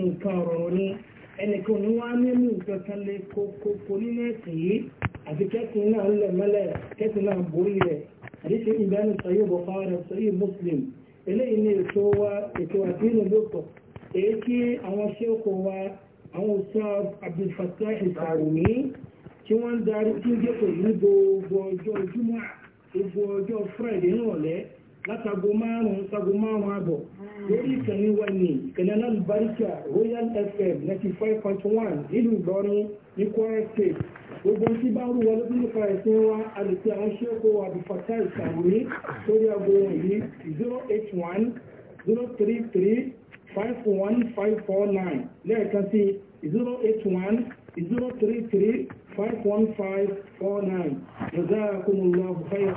nǹkan ọ̀rọ̀ ni ẹnìkan ní wọ́n á nínú nǹkan kan lè kókó nínú ẹ̀sìn yìí àti kẹ́sìn náà ń lẹ̀ mọ́lẹ̀ kẹ́sìn náà borí rẹ̀ àdíṣe ìbẹ́nu sọ́yìn bọ̀fá rẹ̀ sọ́yìn muslim eléyìí ni ètò wa ètò àti ìlú lóòtọ́ èyí tí àwọn ṣẹ́kọ̀ọ́ wa àwọn òṣìṣẹ́ abdulfatah ìsàrùmí tí wọ́n ń darí tí ń jẹ́ pẹ̀lú gbogbo ọjọ́ ìjúmọ́ gbogbo ọjọ́ friday náà lẹ́ẹ̀ látago márùn-ún sago márùn-ún àbọ̀ ah. lórí ìkànnì wa ní ìkànnì alábàríkà royal fm ninety five point one nílùú ìlọrin ní kwara state gbogbo tí bá rú wọlé bí nípa ẹ̀sìn wa àlùkí àwọn ṣẹ́kọ̀ àbùfàtà ìsàwùrí sórí ago yìí zero eight one zero three three five one five four nine lẹ́ẹ̀kan sí zero eight one zero three three five one five four nine jazakumullahu khairan.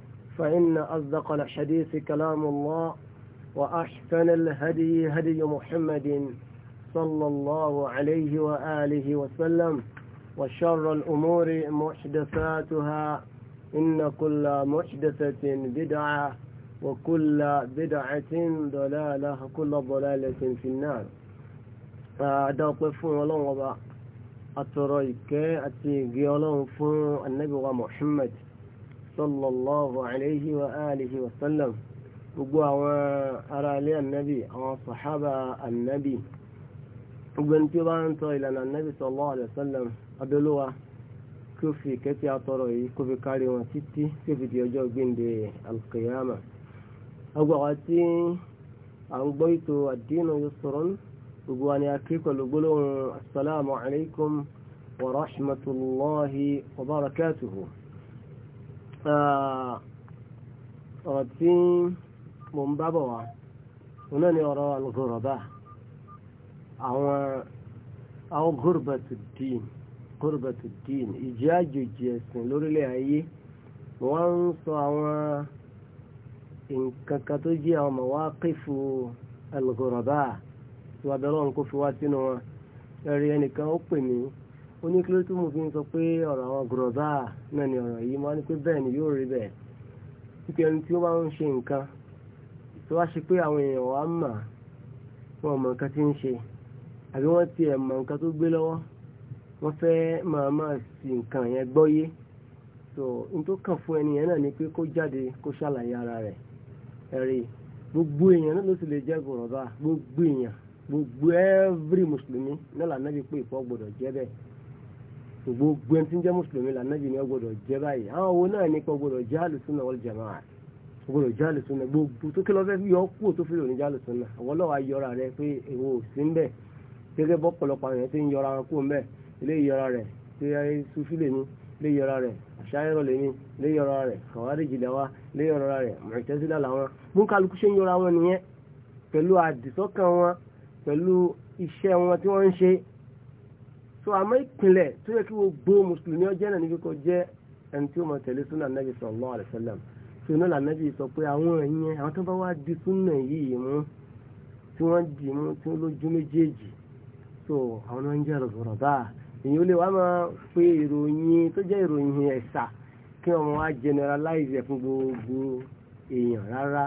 فإن أصدق الحديث كلام الله وأحسن الهدي هدي محمد صلى الله عليه وآله وسلم وشر الأمور محدثاتها إن كل محدثة بدعة وكل بدعة ضلالة كل ضلالة في النار أدعو فون أتريك أتي ولون فون النبي محمد صلى الله عليه وآله وسلم. sallam gbogbo àwọn ará ilé ànábì àwọn sàhábà ànábì gbogbo ẹni tí ó bá ń tọ ìlànà ànábì sallallahu alayhi wa sallam abẹ́lúwa kí ó fi ìkẹ́tì àtọrọ yìí kó fi kárí wọn títí tí ó fi di ọjọ́ gbéǹde alkiyama ọgbà wa tí à ń gbọ́ ètò àdínà yusrun gbogbo wa ni a kí pẹ̀lú gbólóhùn wa rahmatulahi wa barakatuhu ọ̀rọ̀ tí mo ń bábọ̀ wá òun náà ni ọ̀rọ̀ alùpùrọ̀bà àwọn àwọn gúrbẹ̀tù dín gúrbẹ̀tù dín ìjẹ́ àjòjì ẹ̀sìn lórílẹ̀ ayé wọ́n ń sọ àwọn nǹkan kan tó jẹ́ àwọn mọ̀wákìfù alùpùrọ̀bà tí wọ́n bẹ̀rẹ̀ kó fi wá sínú wọn ẹ̀rí ẹnìkan ó pè mí oníkíló tí mo fi ń sọ pé ọ̀rọ̀ àwọn gùrọ̀bà náà ni ọ̀rọ̀ yìí máa ń pé bẹ́ẹ̀ ni yóò rí bẹ́ẹ̀ títí ẹni tí ó bá ń ṣe nǹkan tó wá ṣe pé àwọn èèyàn wa mà wọn mọ nǹkan tí ń ṣe àbí wọ́n ti ẹ̀ mọ nǹkan tó gbé lọ́wọ́ wọ́n fẹ́ máa máa sì nǹkan yẹn gbọ́yé so n tó kàn fún ẹni yẹn náà ni pé kó jáde kó ṣàlàyé ara rẹ̀ ẹ̀rí gbogbo èèyàn náà ló sì lè jẹ́ gùrọ̀bà gbogbo èèyàn gbogbo every mùsùlùmí náà lànà bí pé ìfọ́ gbọ́dọ̀ jẹ́ bẹ́ẹ̀ gbogbo ẹni tí ń jẹ́ mùsùlùmí la nábì ni ó gbọ́dọ̀ jẹ́ báyìí àwọn owó náà nípa gbọ́dọ̀ jẹ́ àlùsùnà wal jamaa gbọ́dọ̀ jẹ́ àlùsùnà gbogbo tó kí lọ fẹ́ yọ kú tó fi lòní jẹ́ àlùsùnà àwọn ọlọ́wà yọra rẹ pé èwo ò sí ń bẹ̀ gẹ́gẹ́ bọ́ pọ̀lọpọ̀ àwọn tí ń yọra wọn kú ń bẹ̀ ilé yọra rẹ̀ pé sufi lè ní ilé yọra rẹ̀ àṣàyẹ̀rọ̀ lè ilé yọra rẹ̀ kàwáríjì lẹ́wà ilé yọra rẹ̀ mọ̀tẹ́sílà so àmọ́ ìpìlẹ̀ tó yẹ kí gbogbo mùsùlùmí ọjọ́ náà níbi kò jẹ́ ẹni tí ó mọ tẹ̀lé súnà nàbì sallallahu alaihi wasallam tó náà lànàbì sọ pé àwọn ẹ̀yìn àwọn tó bá wá di súnà yìí mú tí wọ́n dì mú tí wọ́n lójú méjèèjì so àwọn náà ń jẹ́ rọ̀rọ̀ bá èyí ó lè wá máa pe ìròyìn tó jẹ́ ìròyìn ẹ̀sà kí wọ́n wá generalize ẹ̀ fún gbogbo èèyàn rárá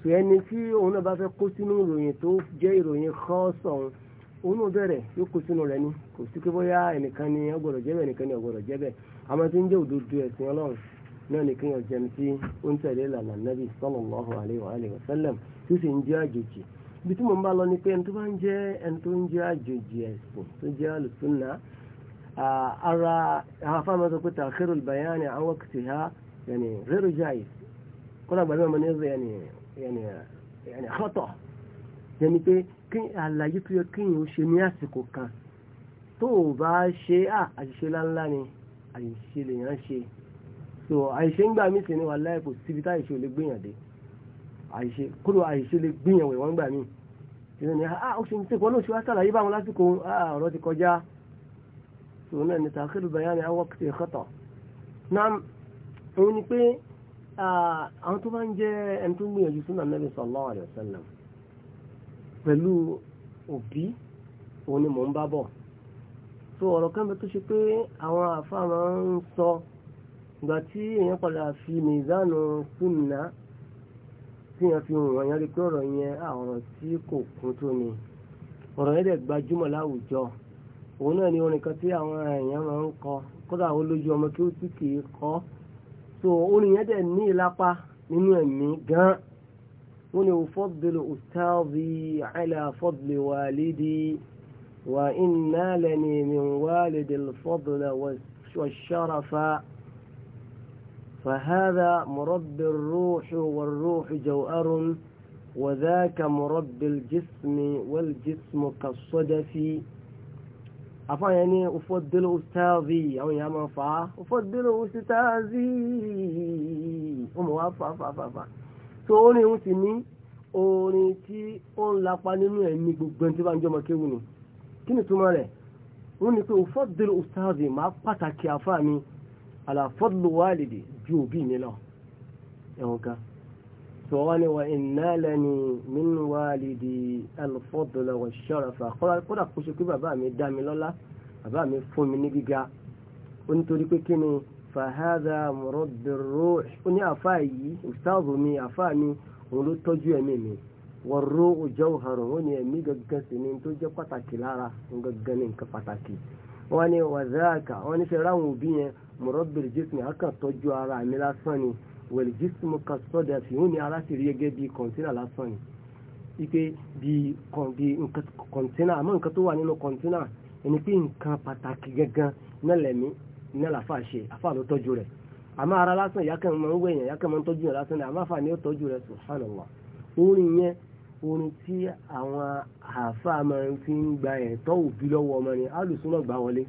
so ẹni tí òun náà bá fẹ́ kó sínú ìròyìn tó jẹ́ ìròyìn kọ́ọ̀sọ̀ òun náà bẹ̀rẹ̀ yóò kó sínú rẹ̀ ni kò sí pé bóyá ẹnìkan ni ó gbọ́dọ̀ jẹ́bẹ̀ ẹnìkan ni ó gbọ́dọ̀ jẹ́bẹ̀ àmọ́ tí ń jẹ́ òdodo ẹ̀sìn ọlọ́run náà ni kéèyàn jẹun tí ó ń tẹ̀lé ìlànà nàbì sallallahu alaihi wa sallam tí ó sì ń jẹ́ àjòjì ibi tí mò ń bá lọ ni pé ẹni tó bá ń jẹ́ ẹni tó ń jẹ́ àjòjì ẹ̀sìn tó jẹ́ alùsùnà ara àwọn afáàmọ́ sọ pé ta'khirul bayan an waqtiha yani ghairu jaiz kọ́lá gbàdúrà mọ́ yẹni pé kí àlàyé tó yẹ kéèyàn ó ṣe ní àsìkò kan tó o bá ṣe à àṣìṣe ńláńlá ni àṣìṣe lèèyàn ṣe so àṣìṣe ń gbà mí sí ni wà láì kò síbi tá àṣìṣe ò lè gbìyàn dé àṣìṣe kúrò àṣìṣe lè gbìyàn wẹ̀ wọ́n gbà mí ìlú ni a ó ṣe ń tẹ́kọ̀ọ́ lóṣù wá sàlàyé báwọn lásìkò ọ̀rọ̀ ti kọjá so náà ni tàkìrì bàyá ni àwọn ti kọ́tọ̀ náà òun ni pé àwọn tó bá ń jẹ́ ẹni tó ń gbìyànjú sún Ànábì sallallahu alaihi wasallam pẹ̀lú òbí òun ni mò ń bá bọ̀ so ọ̀rọ̀ kan bẹ tó ṣe pé àwọn àfa máa ń sọ ìgbà tí èèyàn padà fi mìzánù súnà tí èèyàn fi hùwà yẹn rí pé ọ̀rọ̀ yẹn ọ̀rọ̀ tí kò kún tó ni ọ̀rọ̀ yẹn dẹ̀ gbajúmọ̀ láwùjọ òun náà ni orin kan tí àwọn èèyàn máa ń kọ kódà àwọn olójú ọmọ kí ó sì kì í kọ́ so orin yẹn dẹ̀ ní ìlápa nínú ẹ̀mí gan-an. هنا أفضل أستاذي على فضل والدي وإن نالني من والد الفضل والشرف فهذا مرب الروح والروح جوهر وذاك مرب الجسم والجسم كالصدف أفا يعني أفضل أستاذي أو يا مفا أفضل أستاذي أم وفا فا فا فا so orin òun sì ní orin tí ó ń lapa nínú ẹ̀mí gbogbo ẹni tí bá ń jọmọ kéwù ni kí ni túmọ̀ rẹ̀ wọ́n ní pé òfọ́dúró ustazi máa pàtàkì àfáà mi àlàfọ́dúró wálìdì ju òbí mi lọ ẹ̀wọ̀n kan sọ wá ní wa iná lẹ́ni min wálìdì alfọ́dúró wa ṣarafa kódà kó ṣe pé bàbá mi dá mi lọ́lá bàbá mi fún mi ní gíga ó nítorí pé kí ni fàhádà mọ̀rọ̀dẹ̀rọ̀ ó ní àfá yìí ìsáàbù mi àfá mi òun ló tọ́jú ẹ̀mí mi wọ̀rọ̀ òjò òhàrùn ó ní ẹ̀mí gangan sí ni tó jẹ́ pàtàkì lára gangan ní nǹkan pàtàkì wọ́n ní wàzáàkà wọ́n ní fẹ́ ráwọn òbí yẹn mọ̀rọ̀dẹ̀rẹ̀ jésù àkàn tọ́jú ara mi lásán ni wẹ̀lì jésù mo kà sọ́dà sí òun ní ara sì bí kọ̀ǹtínà lásán ni ipe bí kọ̀ǹtínà àmọ́ nǹkan tó wà nínú kọ̀ǹtínà ẹni pé nǹkan pàtàkì gangan náà lẹ̀mí iná làfà ṣe àfà ló tọ́jú rẹ̀ àmọ́ ara lásán ìyá kan máa ń wẹ̀yàn ìyá kan máa ń tọ́jú rẹ̀ lásán àmọ́ àfà ni ó tọ́jú rẹ̀ subhanallah orin yẹn orin tí àwọn àfà máa ń fi ń gba ẹ̀tọ́ òbí lọ́wọ́ ọmọ ni alùsùnà gbà wọlé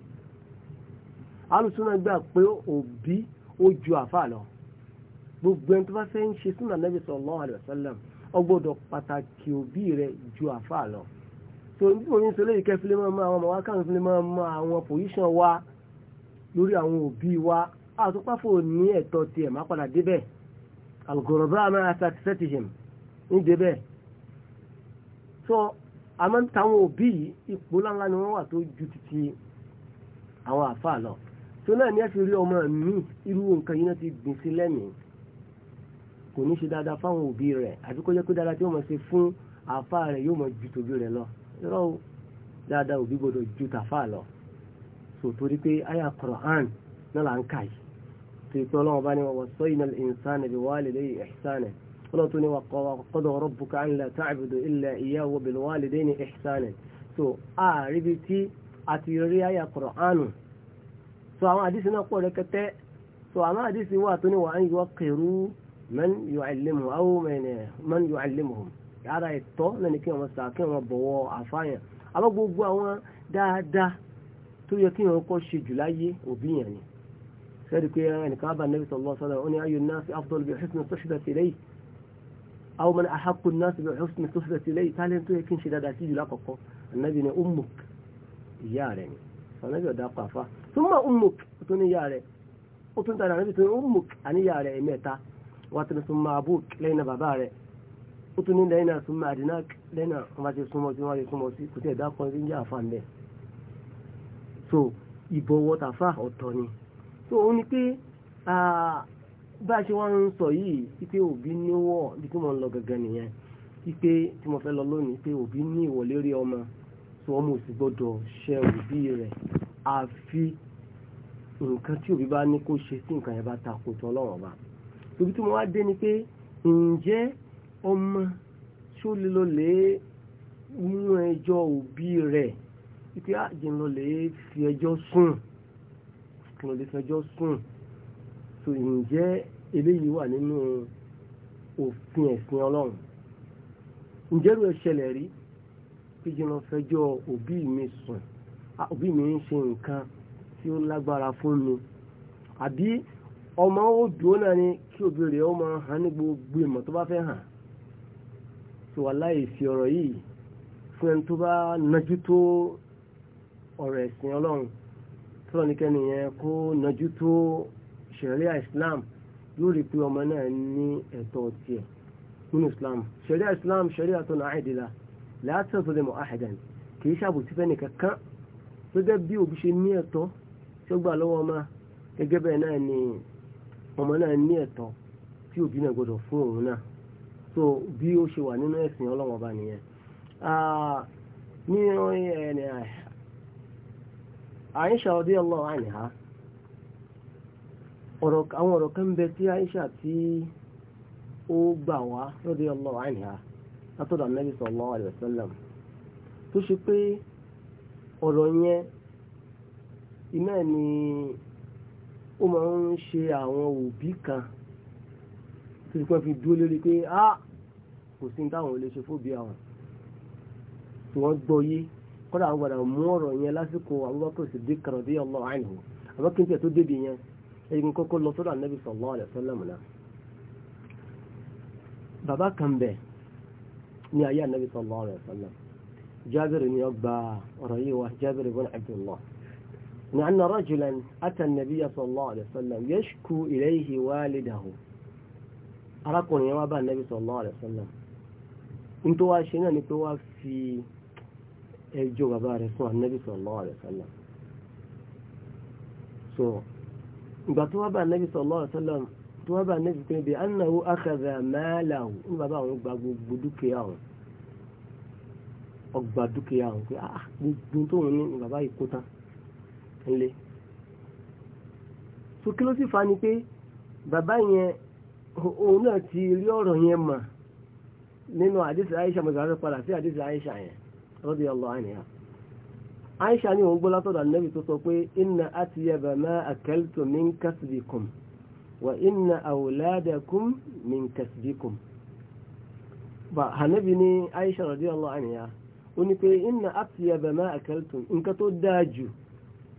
alùsùnà gbà pé òbí ó ju àfà lọ gbogbo ẹni tó bá fẹ́ ń ṣe súnà nàbì sallallahu alaihi wasallam ó gbọ́dọ̀ pàtàkì òbí rẹ̀ ju àfà lọ so nítorí nítorí ìkẹfìlẹ máa mọ àwọn ọmọ wa káwọn máa mọ àwọn pòyíṣàn wa lórí àwọn òbí wa àtúpáfò ní ẹ̀tọ́ tiẹ̀ má padà débẹ̀ alugọ̀rọ̀bá àmọ́ asàtìsẹ́tìhìm ń débẹ̀ so àmọ́ táwọn òbí yìí ipò láńlá ni wọ́n wà tó ju títí àwọn àfa lọ tó náà ní ẹ̀fì rí ọmọ mi irú nǹkan yìí náà ti gbìn sí lẹ́mìí kò ní ṣe dáadáa fáwọn òbí rẹ̀ àbí kó jẹ́ pé dáadáa tí wọ́n mọ̀ ṣe fún àfa rẹ̀ yóò mọ̀ ju tòbí rẹ̀ lọ irọ́ dáadáa òbí gbọ́dọ̀ ju tàfa lọ so torí pé àyà Qur'an náà là ń kà yìí tó ìpín ọlọ́run bá ní wa wassayna al-insana biwalidayhi ihsana ọlọ́run tó ní wa qada rabbuka an la ta'budu illa iyyahu wa bilwalidayni ihsana so àríbi tí a ti rí Qur'an so àwọn àdìsí náà pọ̀ rẹ̀kẹtẹ́ so àwọn àdìsí wà tó ní wa an yuqiru man yu'allimuhum aw man yu'allimuhum yàrá ìtọ́ náà ni kí wọ́n sà kí wọ́n bọ̀wọ́ àfáàyàn àbá gbogbo àwọn tó yẹ kí wọn kọ́ ṣe jù láyé òbí yẹn ni sẹ́ẹ̀dì pé ẹnìkan bá nẹ́bí sọ̀rọ̀ sọ̀rọ̀ ó ní ayò náà sí afdal bí ọ̀ṣun tó ṣe dàtí lẹ́yìn àwọn ọmọ náà àhàkùn náà sí ọ̀ṣun tó ṣe dàtí lẹ́yìn tálẹ́ tó yẹ kí n ṣe dáadáa sí jù lákọ̀ọ́kọ́ ànábì ni ummuk ìyá rẹ̀ ni ànábì ọ̀dà pàfà súnmọ́ ummuk tó ní ìyá rẹ̀ ó tún tàdà ànábì tó ní ummuk àníyá rẹ̀ ẹ̀mẹ́ta wà tó ní súnmọ́ abúk lẹ́yìn bàbá rẹ̀ ó tún ní lẹ́yìn náà súnmọ́ àdínáàk lẹ́yìn náà wọ́n bá wọ́n so ìbọ̀wọ̀ tàfà ọ̀tọ̀ ni so ó ní pé bá a ṣe wọ́n ń sọ yìí wípé òbí níwọ̀ bí tí mo ń lọ gẹ́gẹ́ nìyẹn wípé tí mo fẹ́ lọ lónìí pé òbí ní ìwọ̀lérí ọmọ tí ọmọ ò sì gbọ́dọ̀ ṣe òbí rẹ̀ àfi nǹkan tí òbí bá ní kó ṣe tí nǹkan yẹn bá takò tán lọ́wọ́ ọba tóbi tí mo wá dé ni pé ǹjẹ́ ọmọ ṣó lè lọ lè mú ẹjọ́ òbí rẹ̀ títí ah, àjìnà lè fi ẹjọ́ sùn kìnà lè fi ẹjọ́ sùn tó ǹjẹ́ eléyìí wà nínú òfin ẹ̀sìn ọlọ́run ǹjẹ́ ló ṣẹlẹ̀ rí kí jìnà fẹjọ́ òbí mi sùn òbí mi ń ṣe nǹkan tí ó lágbára fún mi àbí ọmọ ó dúró náà ni kí òbí rẹ̀ ó máa hàn ní gbogbo ìmọ̀ tó bá fẹ́ hàn tí wà láì fi ọ̀rọ̀ yìí fún ẹni tó bá nájú tó ọ̀rọ̀ ẹ̀sìn ọlọ́run tọ́lọ́nikẹ́ni yẹn kó tó islam yóò rí pé ọmọ náà ní ẹ̀tọ́ tiẹ̀ nínú islam islam tó náà àìdìlà láàtọ̀ tó lè mọ̀ àhàdàn kì í gẹ́gẹ́ bí òbí ṣe ní ẹ̀tọ́ tí ó gbà lọ́wọ́ ọmọ gẹ́gẹ́ bẹ́ẹ̀ náà ni ọmọ náà ní ẹ̀tọ́ tí òbí náà gbọdọ̀ fún òun náà so bí ó ṣe wà nínú ẹ̀sìn ọba nìyẹn ah, eh, àyíṣà radiyallahu anha àwọn ọ̀rọ̀ kan bẹ tí àyíṣà tí ó gbà wá radiyallahu anha látọ̀dọ̀ Ànábì sallallahu alaihi wasallam tó ṣe pé ọ̀rọ̀ yẹn iná ni ó máa ń ṣe àwọn òbí kan tó fi dúró lórí pé ah kò sí ní táwọn ò ṣe fóbi àwọn wọ́n gbọ́ yé kódà àwọn gbàdà mú ọ̀rọ̀ yẹn lásìkò Abubakar Siddiq radiyallahu anhu àbákí ní tó débi yẹn ẹ̀yìn kọ́kọ́ lọ sọ́dọ̀ Ànábì sallallahu alaihi wasallam náà bàbá kan bẹ̀ ní ayé Ànábì sallallahu alaihi wasallam Jabir ni ó gba ọ̀rọ̀ yìí wá Jabir ibn Abdullah ni anna rajulan ata Nabiy sallallahu alaihi wasallam yashku ilayhi walidahu arákùnrin yẹn wá bá Ànábì sallallahu alaihi wasallam ẹjọ́ bàbá rẹ̀ fún anabi sallallahu alaihi wasallam so ìgbà tó wá bá anabi sallallahu alaihi wasallam tó wá bá anabi annahu akhadha malahu ń gba gbogbo ọgbà dúkìá pé ah, ah gbogbo tó wọn ní bàbá yìí kó tán ńlẹ so kí ló sì fa ni pé bàbá yẹn òun náà ti rí ọ̀rọ̀ yẹn mà nínú radiyallahu anha aisha ni òun gbọ́ látọ̀dọ̀ anabi tó sọ pé inna atyaba ma akaltu min kasbikum wa inna awladakum min kasbikum ba anabi ni aisha radiyallahu anha ó ní pé inna atyaba ma akaltu nǹkan tó dáa jù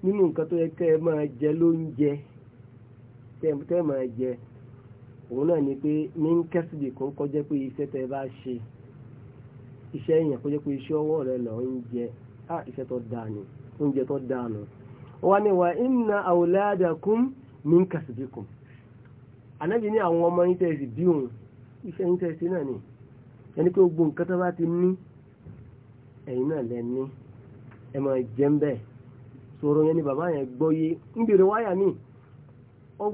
nínú nǹkan tó yẹ kẹ́ ẹ máa jẹ ló ń jẹ tẹ́ ẹ máa jẹ òun náà ni pé ní kẹ́sìbì kan kọjá pé iṣẹ́ tẹ́ bá ṣe iṣẹ́ yẹn kó jẹ́ pé iṣẹ́ ọwọ́ rẹ lọ ń á iṣẹ́ tó dànù oúnjẹ tó dànù. wọ́n ní wà min kasbikum. ànábì ní àwọn ọmọ yín bí òun iṣẹ́ yín náà ni ẹni pé gbogbo nǹkan tó bá ti ní ẹ̀yin náà lẹ ẹ máa jẹ́ ń sọ̀rọ̀ yẹn ni bàbá yẹn ń bèrè wáyà ó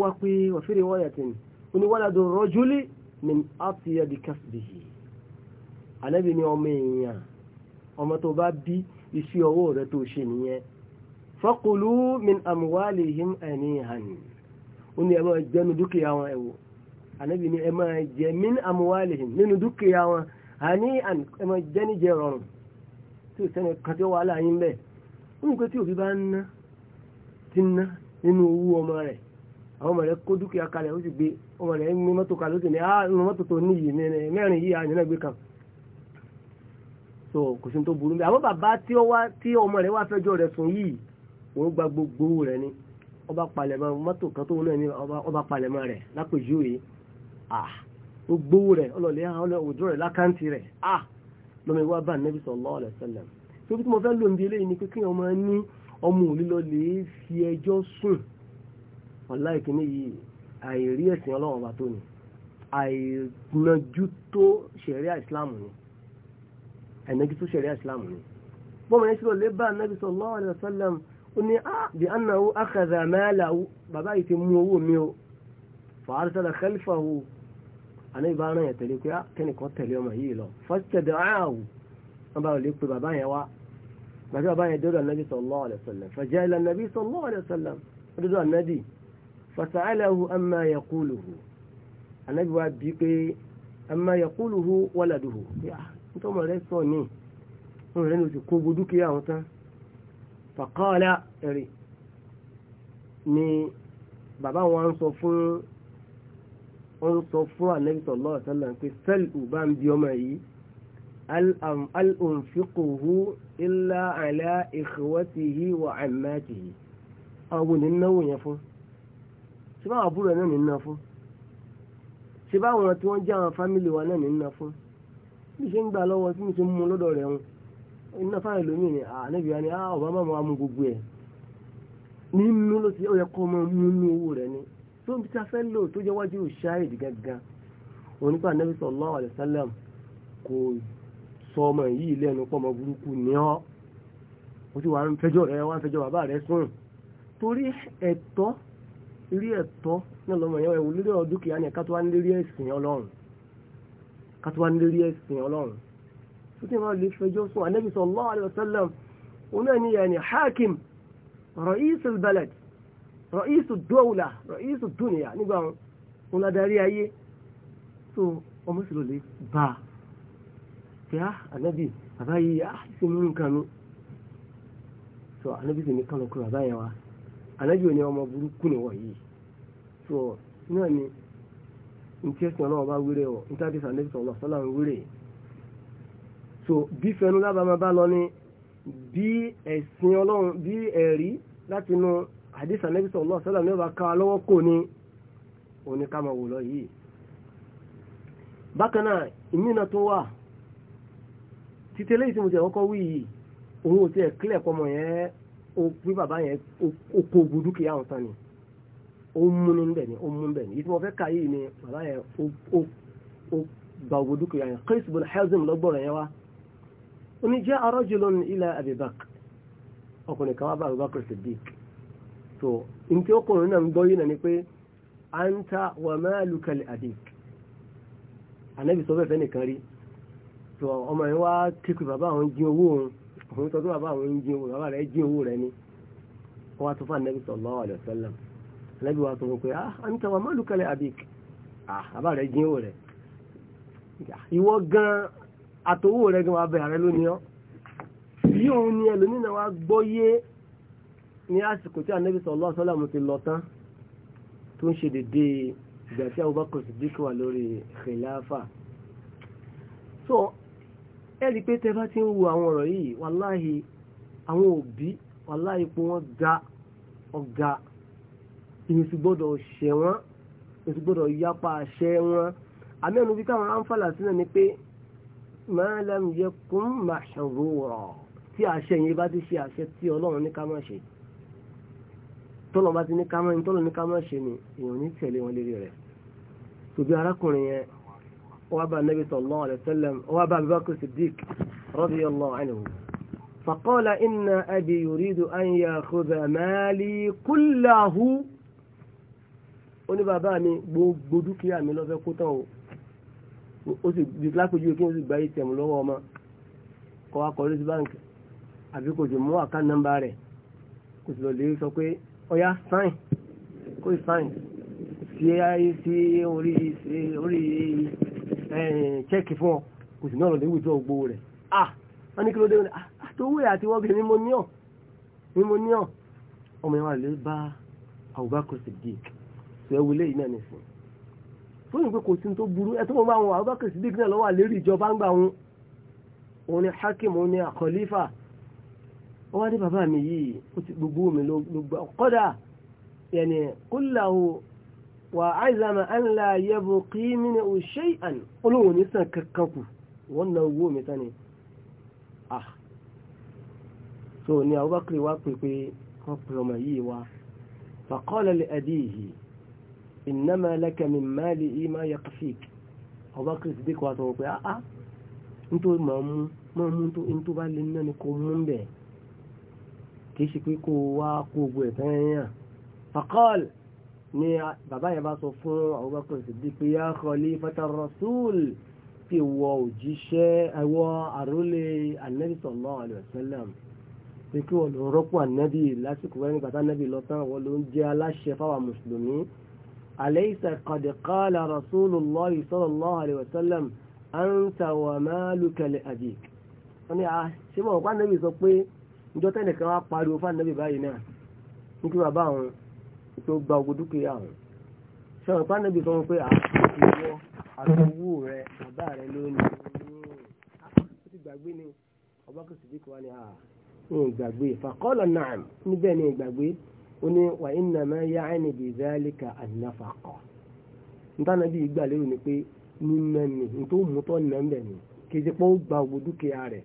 wá pé ọ̀fẹ́rẹ̀ wáyà di ànábì ní ọmọ èèyàn ọmọ tó bá bí iṣẹ́ ọwọ́ rẹ tó ṣe nìyẹn fakulu min amwalihim anihan ó ní ẹ máa jẹnu dúkìá wọn ẹ̀wọ̀ ànábì ní ẹ máa jẹ min amwalihim nínú dúkìá wọn anihan ẹ máa jẹ níjẹ rọrùn tí ò sẹ́ni kan tí ó wà láàyín bẹ́ẹ̀ ó ní pé tí òbí bá ń ná ti ń ná nínú owó ọmọ rẹ̀ àwọn ọmọ rẹ̀ kó dúkìá kalẹ̀ ó sì gbé ọmọ rẹ̀ ń mú kalẹ̀ ó sì ní ah, so kò sí tó burú mi àmọ́ bàbá tí ó wá tí ọmọ rẹ̀ wá fẹ́jọ́ rẹ̀ sùn yìí òun gba gbogbo rẹ̀ ni ọba palẹ̀mọ́ mọ́tò kan tó wọn náà ní ọba palẹ̀mọ́ rẹ̀ lápèjúwe ah gbogbo rẹ̀ ọlọ́lẹ̀ òjò rẹ̀ lákàntì rẹ̀ ah lọ́mọ ìwà bá nẹ́bí sallallahu alaihi wasallam tó bí mo fẹ́ lò níbi eléyìí ni pé kí ọmọ ní ọmọ òlílọ lè fi ẹjọ́ sùn ọ̀la ìkíní yìí àìrí ẹ̀sìn ọlọ́run ọba tó ni àìnájú tó ṣẹ̀ríà ìsìláàmù ni àìnàgí tó ṣẹ̀rí islam ni bọ́mọ yẹn ṣílọ lé bá anabi sallallahu alaihi wasallam ó ní ah, bí annahu akhadha malahu bàbá yìí ti mú owó mi o fa arsala khalfahu àná ìbá ara yẹn tẹ̀lé pé ah, kẹ́nìkan tẹ̀lé ọmọ yìí lọ fastada'ahu wọn bá lè pe bàbá yẹn wá bàbá bàbá yẹn dọ́dọ̀ anabi sallallahu alaihi wasallam faja'a ila anabi sallallahu alaihi wasallam dọ́dọ̀ anabi fasa'alahu amma yaquluhu anabi wa bi pé amma yaquluhu waladuhu ah, nítorí ọmọ rẹ sọ ní ọmọ rẹ ní oṣù kó gbó dúkìá àwọn tán fàkọ́ọ̀lá ẹ̀rì ni bàbá wọn ń sọ fún wọn ń sọ fún ànábì sallallahu alaihi wasallam pé sẹ́ẹ̀lì bá ń bi ọmọ yìí alùnfíkòhù ilá àlá ikhwatihi wà ammatihi àwọn onínáwó yẹn fún ṣé báwọn àbúrò náà nínú fún ṣé báwọn tí wọ́n jẹ́ àwọn fámìlì wa náà nínú fún. bí se ń gbà lọ́wọ́ tí mo ṣe ń mú lọ́dọ̀ rẹ̀ ń iná a ọba máa máa mú gbogbo ẹ̀ nínú ló ti ọyẹ kọ́ ọmọ mú inú owó rẹ̀ ni tó ń ta fẹ́ lò tó jẹ́ wájú òun nípa kò sọ ọmọ yìí lẹ́nu pọ̀ ọmọ burúkú ọ́ o ti wà ń fẹjọ́ rẹ wá ń fẹjọ́ bàbá rẹ sùn torí ẹ̀tọ́ rí ẹ̀tọ́ kátó wá nílé ẹ̀sìn ọlọ́run tó tí wọ́n lè fẹjọ́ sùn ànábì sallallahu alaihi wasallam òun náà ni yàní hakim ra'isul balad ra'isul dawla ra'isul dunya nígbà wọn ladarí ayé tó ọmọ sì ló lè bá a pé á ah, ànábì bàbá yìí á ah, sì mú nǹkan mi so ànábì sì ní kánú kúrò bàbá yẹn wa ànábì ò ní ọmọ burúkú ni wọ̀nyí so náà ni ntí ẹ̀sìn ọlọ́wọ́ bá wéré ọ̀ ntí àdìs àdìs ọ̀lọ́ sọ́là so bí fẹnu lábàá máa bá lọ ni bí ẹ̀sìn ọlọ́run bí ẹ̀rí láti inú àdìs àdìs ọ̀lọ́ sọ́là ní ọba ká lọ́wọ́ kò ní òní ká máa wò lọ yìí bákan náà ìmínà tó wà títẹ́ lẹ́yìn tí mo ti ọkọ̀ wí yìí òun ò tiẹ̀ kílẹ̀ pọ́mọ yẹn ó pín bàbá yẹn ó kó gbudúkìá ọ̀sán ni ó mú ní bẹ̀ ni ó mú bẹ̀ ni ìdí wọn fẹ́ ka yìí ni bàbá yẹn ó gba ògbó dúkìá yẹn Qais bin Hazim lọ́gbọ̀rọ̀ yẹn wá ó ní jẹ́ arajulun ila Abi Bakr ọkùnrin kan wá bá Abu Bakr Siddiq so nti ọkùnrin náà ń gbọ́ yìí náà ni pé anta wa maluka li abik anabi sọ fẹ́fẹ́ nìkan rí so ọmọ yẹn wá kíkù bàbá àwọn jí owó òun òun sọ bàbá àwọn jí owó bàbá rẹ̀ jí owó rẹ̀ ni wọ́n wá tó fún anabi sallallahu alaihi wasallam lẹ́bí wa sọ wọn pé ah àǹtà wa má àbíkì ah àbá rẹ̀ jínwó rẹ̀ ìwọ gan àtòwò rẹ̀ gan wà bẹ̀rẹ̀ rẹ̀ lónìí ọ́ yìí òun ni ẹlòmínà wa gbọ́ yé ní àsìkò tí ànábì sallallahu alaihi wasallam ti lọ tán tó ń ṣe dédé ìgbà tí Abubakar Siddiq wà lórí khilafa so ẹ̀rí pé tẹ́ bá ti ń wo àwọn ọ̀rọ̀ yìí wàláhì àwọn òbí wàláhì pé wọ́n ga ọ̀gá ìyẹn sì gbọ́dọ̀ ṣẹ̀ wọ́n ìyẹn sì gbọ́dọ̀ yapa àṣẹ wọn àmẹ́nu bí káwọn àǹfààlà sílẹ̀ ni pé ma lam yakun mahzura tí àṣẹ yẹn bá ti ṣe àṣẹ tí ọlọ́run ní ká má ṣe tọ́lọ̀ bá ti ní ká má ṣe tọ́lọ̀ ní ká má ṣe ni èèyàn ní tẹ̀lé wọn lérí rẹ̀ tòbí arákùnrin yẹn wà bá nabi sallallahu alaihi wà bá Abubakar Siddiq radiyallahu anhu faqala inna abi ó ní bàbá mi gbogbo dúkìá mi lọ́fẹ́ kó tán o ó sì di lápèjúwe kí n sì gba atm lọ́wọ́ ọmọ kọ́ wa kọ́lẹ́sì báńkì àbí kò sì mú àká nọ́mbà rẹ̀ kò sì lọ lè sọ pé ọyá sáìn kó sáìn sí ayé sí orí orí chẹ́ẹ̀kì fún ọ kò sì náà lọ lè wùtọ́ gbowó rẹ̀ ah wọ́n ní kí ló dé wọn àtòwé àti wọ́n bìí mímú ní ọ̀ mímú ní ọ̀ ọmọ yẹn wà lè bá Abubakar Siddiq ẹwù ilé yìí náà nìsín fún ìpè kò sí tó burú ẹ tó mọ bá wọn Abubakar Siddiq náà lọ́wọ́ àlérí ìjọba ń gbà wọn òun ni hakim òun ni àkọlífà wọn wá ní bàbá mi yìí ó ti gbogbo mi ló gbà kọ́dà yẹn kúláwo wà áìlàmà ànlá yẹbu kí mi ni òṣè àn olóhùn ní sàn kankan kù wọn náà wó mi tán ah so ni Abubakar wa pè pé kọ́ pè ọmọ yìí wa fàkọ́lẹ̀ lè ẹ̀dí yìí innama laka min malihi ma yakfik ọba kìrìsìdì kọ́ àtọ̀wọ̀ pé áá nítorí máa mú máa mú tó ń tó bá lè náà ni kò mú ń bẹ̀ kì í ṣe pé kó wá kó gbogbo ẹ̀ tán yẹn faqal ni bàbá yẹn bá sọ fún Abu Bakr Siddiq pé ya khalifata rasul pé wọ òjíṣẹ́ ẹwọ àrólé anabi sallallahu alaihi wasallam pé kí wọn lọ rọ́pò anabi lásìkò wẹ́n nígbà tá anabi lọ tán wọn ló ń jẹ́ aláṣẹ fáwọn mùsùlùmí أليس قد قال رسول الله صلى الله عليه وسلم أنت ومالك لأبيك ó ní wà innama ya'ni bi zalika an-nafaqa nítorí bí ìgbà lérò ni pé nínà ni nítorí mú tọ́ nà ń bẹ̀ ni kì í ṣe pé ó gba owó dúkìá rẹ̀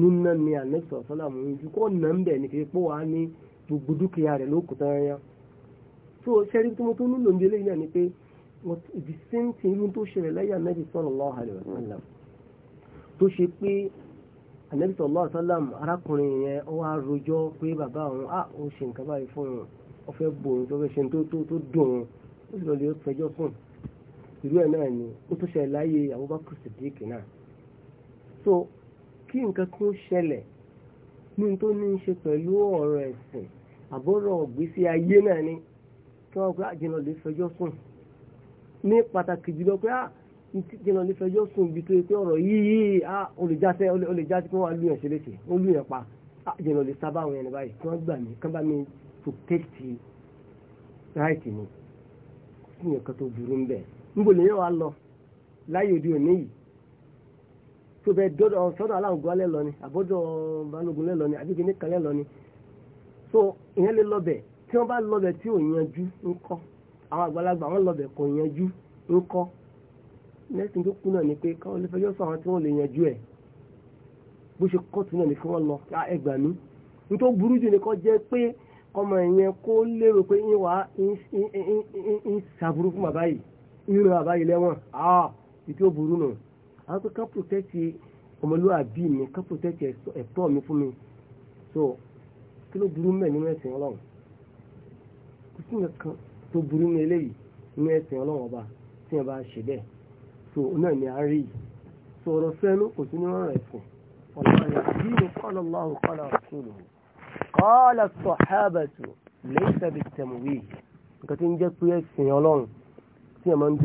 nínà ni ànẹ́sọ̀ sọ́là mú kó nà ń ni kì í ṣe pé wàá ní gbogbo dúkìá rẹ̀ lókùtà yẹn so ṣẹ́rí tí mo tún nílò ní eléyìí náà ni pé the same thing ló tó ṣẹlẹ̀ lẹ́yìn Ànábì sallallahu alaihi ànábì sallallahu alaihi wasallam arákùnrin yẹn ó wá rojọ́ pé bàbá òun á ah, ó ṣe nǹkan báyìí fún un ó fẹ́ bò òun fẹ́ ṣe tó tó dùn òun ó sì lọ́ọ́ fẹjọ́ fún ìlú ẹ̀ náà ni ó tó ṣẹlẹ̀ láyé Abubakar náà so kí nǹkan kó ṣẹlẹ̀ ní tó ní í ṣe pẹ̀lú ọ̀rọ̀ ẹ̀sìn àbọ̀rọ̀ ọ̀gbésí ayé náà ni kí wọ́n pé àjẹnà ah, lè fẹjọ́ fún jìnnà nífẹ̀ẹ́ yóò sùn ibi tó yẹ pé ọ̀rọ̀ yíyí á olùjásẹ́ olùjásẹ́ kí wọ́n á lù yẹn ṣe léṣe ó lù yẹn pa jìnnà lè sábà àwọn yẹn báyìí kí wọ́n gbà mí kí wọ́n bá mi protect right mi sí yẹn kan tó burú ń bẹ̀ níbo lè yẹn wá lọ láyé òde òní yìí tó bẹ dọdọ sọ́dọ̀ aláǹgọ alẹ lọ ni àbọdọ balógun lẹ lọ ni àbí kìnìkan lẹ lọ ni so ìyẹn lè lọbẹ tí wọ́n bá lọbẹ tí ò yanjú ńkọ́ àwọn àgbàlagbà wọ́n lọbẹ kò yanjú ńkọ́ nẹ́sìn tó kú náà ni pé káwọn lè fẹjọ́ sọ àwọn tí wọ́n lè yanjú ẹ̀ bó ṣe kọ́ọ̀tù náà ni kí wọ́n lọ ah, ẹ gbà mí n tó burú jù ni kọ́ jẹ́ pé ọmọ yẹn kó lérò pé ń wà ń ṣàbùrú fún bàbá yìí ń rìn bàbá yìí lẹ́wọ̀n ìtí ah, ó burú nù àwọn pé ká protect ọmọlúwàbí mi ká protect ẹ̀tọ́ mi fún mi so kí ló burú mẹ́ nínú ẹ̀sìn ọlọ́run kò sí nǹkan tó burú ní eléyìí nínú ẹ̀sìn ọlọ́run ọba tí wọ́n bá ṣe bẹ́ẹ̀ so náà ni a rí yìí sọ̀rọ̀ fẹ́nu kò sí ní ọ̀rọ̀ ẹ̀sìn ọ̀làyà dínú qala Allahu qala rasuluhu qala as-sahabatu laysa bit-tamwih nǹkan tí ń jẹ́ pé ẹ̀sìn ọlọ́run tí a máa ń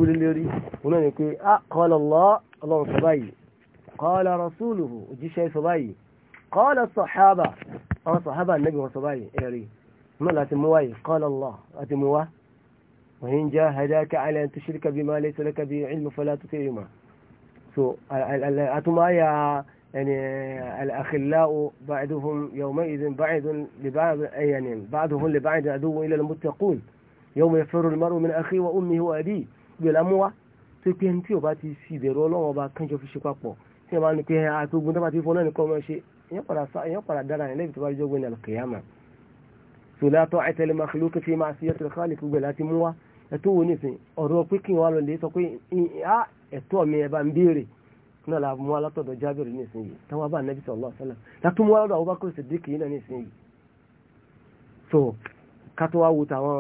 dúró òjíṣẹ́ sọ báyìí qala as-sahaba nẹ́bí wọn sọ ẹ̀rí náà láti mú wáyìí qala Allah láti mú wá وإن جاهداك على أن تشرك بما ليس لك به علم فلا تطيعهما سو أتما يا يعني الأخلاء بعضهم يومئذ بعض لبعض يعني بعضهم لبعض عدو إلى المتقون يوم يفر المرء من أخيه وأمه وأبيه بالأموة تبقى تيو باتي سيدر ولو وبا كان في شكاكو سيما أنك هي أتوب من تباتي فونا نكوم شيء يقرأ سا يقرأ دارا يعني ليه تبقى جوين القيامة فلا طاعة لمخلوق في معصية الخالق بلا تموه ẹ̀tọ́ wo nísìn ọ̀rọ̀ pé kí wọ́n lọ lè sọ pé ẹ̀tọ́ mi ẹ̀ bá ń béèrè náà la mú alátọ̀dọ̀ jábẹ̀rẹ̀ nísìn yìí táwọn bá nẹ́bí sallallahu alaihi wasallam látún mú alátọ̀dọ̀ Abubakar Siddiq yìí náà nísìn yìí so kátó wá wo tàwọn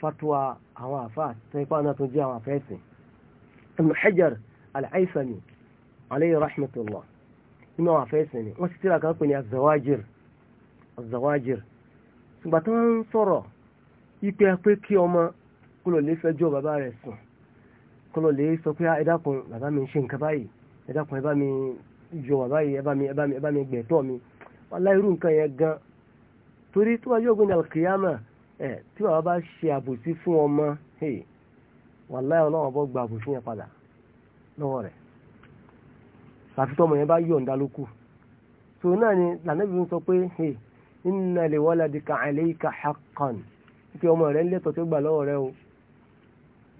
fatwa àwọn àfa tó ipá náà tó jẹ́ àwọn àfẹ́sìn Ibn Hajar al-Haythami alayhi nínú àwọn àfẹ́sìn ni wọ́n ti tíra kan pè ní az-Zawajir ṣùgbọ́n tó ń sọ̀rọ̀ ipe pé kí ọmọ kó lọ lè fẹjọ́ bàbá rẹ̀ sùn kó lọ lè sọ pé ah, ẹ dákun bàbá mi ń ṣe nǹkan báyìí ẹ dákun ẹ bá mi yọ bàbá yìí ẹ bá mi ẹ bá mi ẹ bá mi gbẹ̀tọ́ mi wàlá irú nǹkan yẹn gan torí tó wájú ọgbìn alkiyama ẹ tí bàbá bá ṣe àbòsí fún ọmọ wàlá ọlọ́wọ́n bọ́ gba àbòsí yẹn padà lọ́wọ́ rẹ̀ àfitọ́ ọmọ yẹn bá yọ̀ǹda lókù so náà ni lànàbí ń sọ pé inna li waladika alayka haqqan kí ọmọ rẹ̀ ń lẹ́tọ̀ọ́ tó gbà lọ́wọ́ rẹ̀ o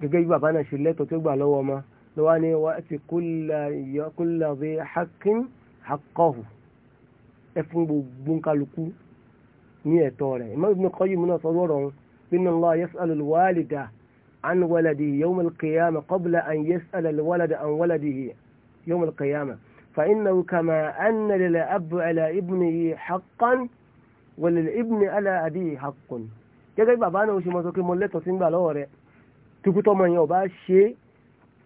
gẹ́gẹ́ bí bàbá náà ṣe lẹ́tọ̀ tó gbà lọ́wọ́ ọmọ lọ́wọ́ ni wọ́n ti kúlà bí hakin hakọ́hù ẹ fún gbogbo kálukú ní ẹ̀tọ́ rẹ̀ Imam Ibn Qayyim náà sọ lọ́rọ̀ inna Allah yas'alu al-walida an waladihi yawm al-qiyamah qabla an yas'ala al-walada an waladihi yawm al-qiyamah فإنه كما أن للأب على ابنه حقا وللابن على أبيه حق gẹ́gẹ́ bí bàbá náà ó ṣe mọ́ sọ tukú tọmọ yẹn ọba ṣe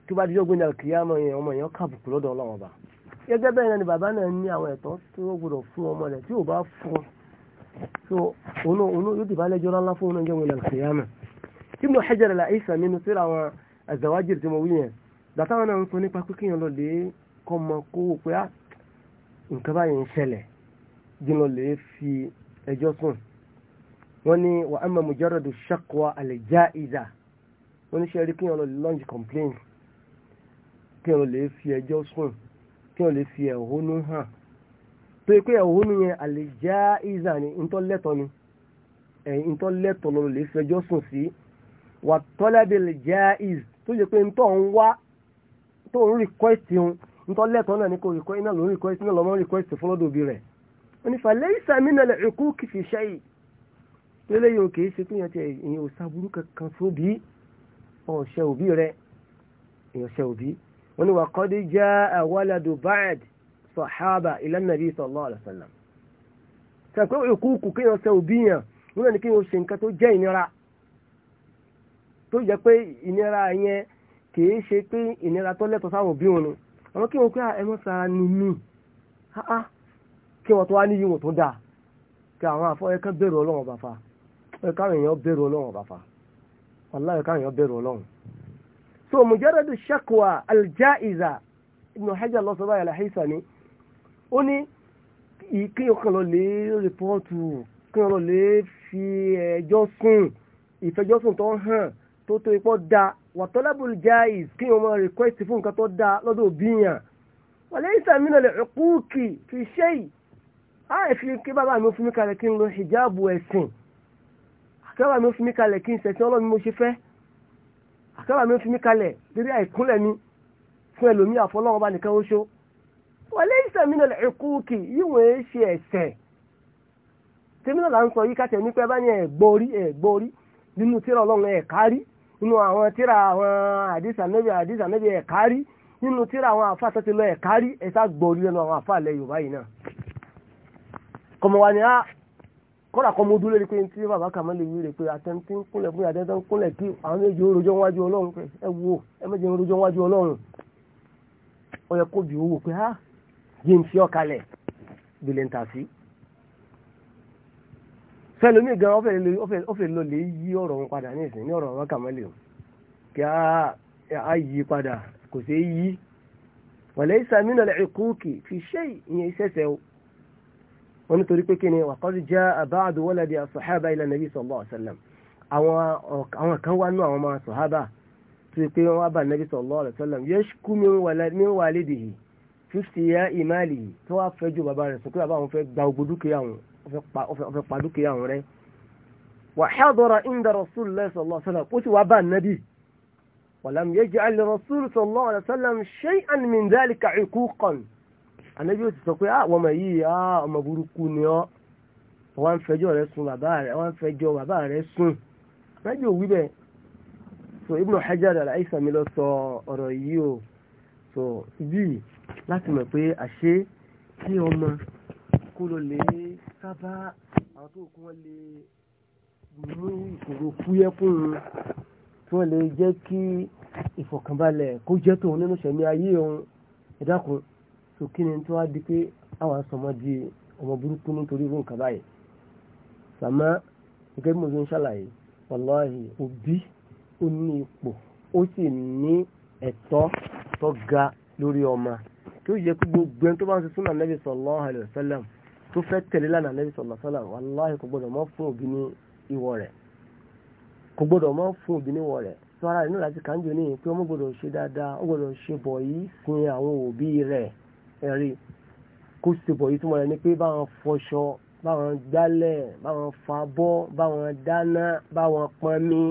tó bá dídọ́gbìn náà kìí àmọ́ yẹn ọmọ yẹn kàbùkù lọ́dọ̀ ọlọ́wọ́n ọba gẹ́gẹ́ bẹ́ẹ̀ náà ni bàbá náà ní àwọn ẹ̀tọ́ tó gbọdọ̀ fún ọmọ rẹ̀ tí ò bá fún so òun òun yóò dìbà lẹ́jọ́ ńlá fún oúnjẹ wọn náà kìí àmọ́ Ibn Hajar al-Asqalani nínú sí àwọn Zawajir tí mo wí yẹn bàtà wọn náà ń sọ nípa pé lọ wọ́n ní sẹ́rí kí wọ́n lọ lọ́njì complain kí wọ́n lè fi ẹjọ́ sùn kí wọ́n lè fi ẹ̀hónú hàn tó yẹ pé ẹ̀hónú yẹn àlèjá ìzà ni ntọ́lẹ́tọ̀ ni ntọ́lẹ́tọ̀ lọ́rọ̀ lè fi ẹjọ́ sùn sí wà tọ́lẹ́bìlì já ìz tó yẹ pé ntọ́ ń wá tó ń request yun ntọ́lẹ́tọ̀ náà ni kò request náà ló ń request náà lọ́mọ request fún lọ́dọ̀ òbí rẹ̀ wọ́n ní falẹ́ ìsàmínà ẹ̀kú kìfì ṣẹ́yì tó lẹ́yìn òkè ṣe tó yẹn ti ẹ̀yìn òsàbúrú kankan tó bíi ọ̀ṣẹ́ òbí rẹ ìyọ̀ṣẹ́ òbí wọn ni wà kọ́dí já àwàládù báàd sọ̀hábà ìlànàbí sallallahu alaihi wasallam sàpé ìkúùkù kí yọ ṣe òbí yàn wọn ni kí yọ ṣe nǹkan tó jẹ́ ìnira tó jẹ́ pé ìnira yẹn kì í ṣe pé ìnira tó lẹ́tọ̀ọ́ sáwọn òbí wọn ni àwọn kí wọn pé ah, ẹ mọ́ sara ni mí ah, ah. kí wọn tó wá níyì wọn tó dáa kí àwọn àfọ ẹ kán bẹ̀rù ọlọ́wọ̀n bàfà ẹ káwọn èèyàn bẹ̀rù ọlọ́wọ̀n bàfà wàláyé káyọ̀ bẹ̀rù ọlọ́run. so mujarradu shakwa aljaiza ibn hajar lọ́sọ̀ báyìí aláhísà ni ó ní kí ọkàn lọ lè rìpọ́ọ̀tù kí ọkàn lọ lè fi ẹjọ́ sùn ìfẹjọ́sùn tó hàn tó tó ipò da wàtọ́lábùl jaiz kí ọmọ request fún nǹkan tó da lọ́dọ̀ òbíyàn walaysa min al-uquqi fi shay àìfi kí bàbá mi fún mi kalẹ̀ kí n lo hijabu ẹ̀sìn àkàrà mi ò fi mí kalẹ̀ kí n ṣẹ̀sìn ọlọ́run mo ṣe fẹ́ àkàrà mi ò fi mí kalẹ̀ lórí àìkúnlẹ̀ mi fún ẹlòmí àfọlọ́wọ́ bá nìkan oṣó wà lẹ́yìn sẹ́mínà ẹ̀kúùkì yíwọ̀n ẹ̀ ṣe ẹ̀sẹ̀ sẹ́mínà là ń sọ yí kàtẹ́ nípa bá ní ẹ̀gbọ́rí ẹ̀gbọ́rí nínú tíra ọlọ́run ẹ̀kárí nínú àwọn tíra àwọn àdìsànẹ́bí àdìsànẹ́bí ẹ̀kárí nínú tíra àwọn àfa àtẹ́tẹ́ kọ́ra kọ́ mo dúró lórí pé tí bàbá kàmá lè wíire pé àtẹ̀ntì ń kúnlẹ̀ fún àtẹ̀ntì ń kúnlẹ̀ kí àwọn méjì orojọ́ wájú ọlọ́run pé ẹ wo ẹ méjì orojọ́ wájú ọlọ́run ó yẹ kó bì ó wò pé á yé n fi ọ́ kalẹ̀ bìlẹ̀ ń tà sí. fẹ́ẹ́ lómi gan ọ̀fẹ́ lọ lè yí ọ̀rọ̀ wọn padà ní ìsìn ní ọ̀rọ̀ bàbá kàmá lè kí á yí padà kò sí yí wàlẹ́ ìsàmínà lẹ́ẹ̀kúùkì wọ́n nítorí pé kí ni wà kọ́rí já ba'du waladi as-sahaba ila nabi sallallahu alaihi wasallam àwọn kan wá nú àwọn ọmọ sọ̀hábà tó yẹ pé wọ́n wá bá nabi sallallahu alaihi wasallam yashku min walidihi fifty ya ìmáàlì tó wá fẹ́ ju bàbá rẹ̀ sọ pé bàbá àwọn fẹ́ gba ogun dúkìá àwọn ọ̀fẹ́ pa dúkìá àwọn rẹ̀ wà hadara inda rasulillah sallallahu alaihi ó ànábì ò ti sọ pé àwọn ah, ọmọ yìí ah, ọmọ burúkú ni ọ́ wọ́n ń fẹjọ́ rẹ sùn bàbá rẹ wọ́n ń fẹjọ́ bàbá rẹ sùn ànábì ò wí bẹ́ẹ̀ so Ibn Hajar al-Haythami ló sọ ọ̀rọ̀ yìí o so bíi láti mọ̀ pé àṣé kí ọmọ kó ló lè sábà àwọn tó kún wọn lè mú ìṣòro fúyẹ́ fún un tí wọ́n lè jẹ́ kí ìfọ̀kànbalẹ̀ kó jẹ́ tòun nínú ìṣẹ̀mí ayé òun ẹ̀dákun so kí ni tí wọ́n di pé àwọn asọmọ di ọmọ burúkú nítorí irú nǹkan báyìí sàmá gẹ́gẹ́ bí mo ti ń ṣàlàyé wàláhì òbí ó ní ipò ó sì ní ẹ̀tọ́ tó ga lórí ọmọ tí ó yẹ kí gbogbo ẹni tó bá ń ṣe súnà nẹ́bí sallallahu alaihi tó fẹ́ tẹ̀lé lánàá nẹ́bí sallallahu alaihi wasallam kò mọ́ fún ara rẹ̀ nílò kàńjọ ọmọ ṣe dáadáa ó ṣe bọ̀ ẹ̀rí kó ṣèbọ̀ yìí túmọ̀ rẹ̀ ni pé báwọn fọṣọ báwọn gbálẹ̀ báwọn fabọ́ báwọn dáná báwọn pọnmi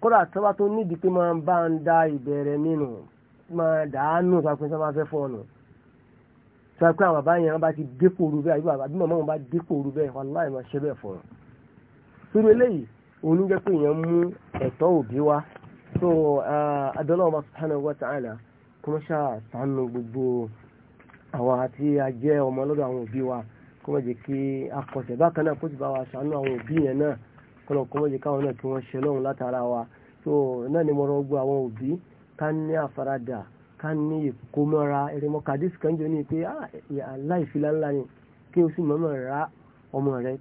kódà sábà tó nídìí pé máa bá ń da ìbẹ̀rẹ̀ nínú máa dàánù pàpẹ́ sábà fẹ́ fọ́ ọ̀nà sọ pé àwọn bàbá yẹn bá ti dépò orú bẹ́ẹ̀ àbí bàbá bímọ máa bá dépò orú bẹ́ẹ̀ wàláì máa ṣe bẹ́ẹ̀ fọ́ ọ. sórí eléyìí òun ló jẹ́ pé èèyàn mú ẹ̀tọ́ òbí wá so ah, adọ́lọ́wọ́ bá subhanahu wa ta'ala kọ́mọ́ṣà sànù gbogbo àwọn àti ajẹ́ ọmọ lọ́dọ̀ àwọn òbí wa kó má jẹ́ kí akọ̀tẹ̀ bákan náà kó sì bá wa ṣàánú àwọn òbí yẹn náà kọ́nà kó má jẹ́ káwọn náà kí wọ́n ṣe lọ́run látara wa tó náà ni mo rọ gbọ́ àwọn òbí ká ní àfaradà ká ní ìkómọ́ra erémọ́ kàdísì kan jọ ní pé aláìfilá ah, ńlá ni kí o sì mọ̀mọ́ ra ọmọ rẹ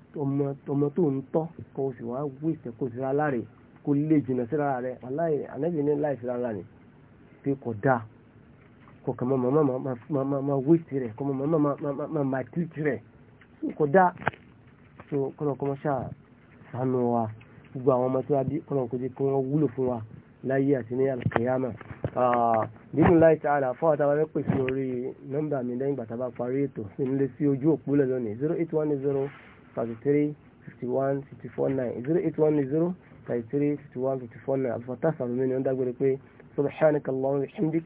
ọmọ tó ń tọ́ kó o sì wá wí ìtẹ́kọ̀ síra láre kó lè jìnnà síra rẹ kò kàn máa máa wéètì rẹ̀ kò máa máa máa tìtì rẹ̀ kò dá so kọ́nà kọ́mọ́ ṣáà sànù wa gbogbo àwọn ọmọ tí wàá bí kọ́nà kò jẹ́ kí wọ́n wúlò fún wa láyé àti ní alkiyama nínú láì tí a rà fọ́ àtàwọn ẹgbẹ́ pèsè orí nọ́mbà mi lẹ́yìn ìgbà tàbá parí ètò sí nílé sí ojú òpó lẹ̀ lónìí zero eight one zero thirty three fifty one fifty four nine zero eight one zero thirty three fifty one fifty four nine àbúfọ̀tà sàrùmí ni wọ́n dágbére pé subhanakallahumma wa bihamdik.